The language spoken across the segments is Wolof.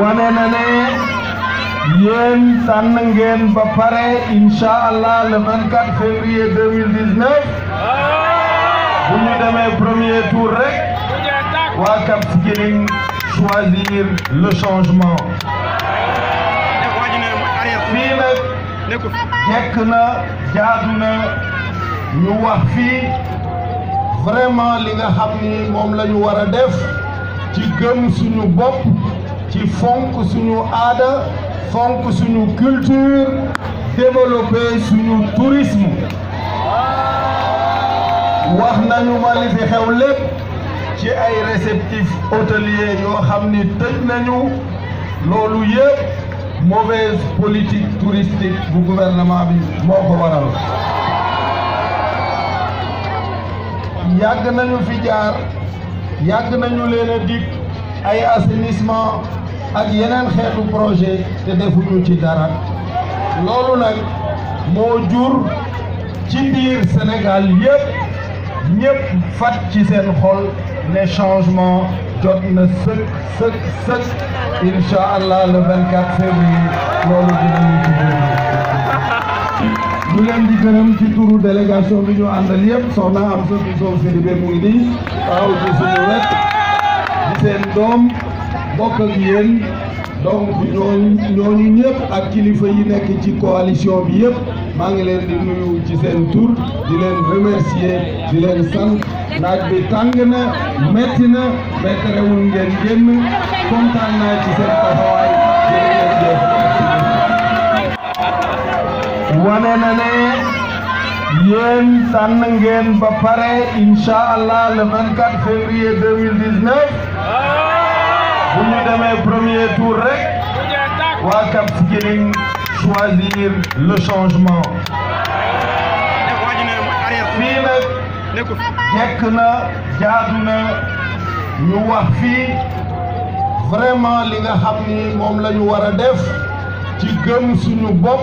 wane na ne yéen ngeen ba pare incha allah le 24 février 2019 bu ñu premier tour rek wa Cap Skirring choisir le changement fii nag jekk na jaadu ñu wax fi vraiment li nga xamni mom lañu wara def ci gëm suñu qui ci fonk suñu aada fonk suñu culture développer suñu tourisme wax nañu ma li fi xew Nous ci ay nous nañu mauvaise politique touristique bu gouvernement bi moo waral yàgg nañu leen a dig ay assainissement ak yeneen xeetu projet te defuñu ci dara loolu nag moo jur ci biir Sénégal yëpp ñëpp fat ci seen xol ne changement jot na sëkk sëkk sëkk incha allah le 24 février loolu dinañu ci ñu leen di gërëm turu délégation bi ñu àndal yëpp soxna am sa Sow Sidibé mu ngi nii taxaw ci suñu wet di seen doom bokk ak yéen donc ñooñu ñooñu ñëpp ak kilifa yi nekk ci coalition bi yëpp maa ngi leen di nuyu ci seen tur di leen remercier di leen bi tàng na metti na mais terewul ngeen génn kontaan naa ci seen taxawaay wane na ne yéen tànn ngeen ba pare incha allah le 24 février 2019 bu ñu demee premier tour rek waa Cap choisir le changement. fii nag jekk na jaadu vraiment li nga xam ni la ñu war a def ci gëm suñu bopp.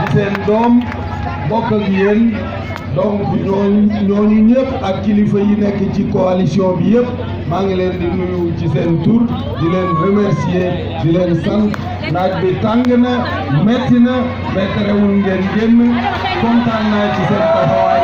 di seen doom bokk ak yéen donc ñooñu ñooñu ñëpp ak kilifa yi nekk ci coalition bi yëpp maa ngi leen di nuyu ci seen tur di leen remercier di leen sant naaj bi tàng na metti na mais terewul ngeen génn kontaan naa ci seen taxawaay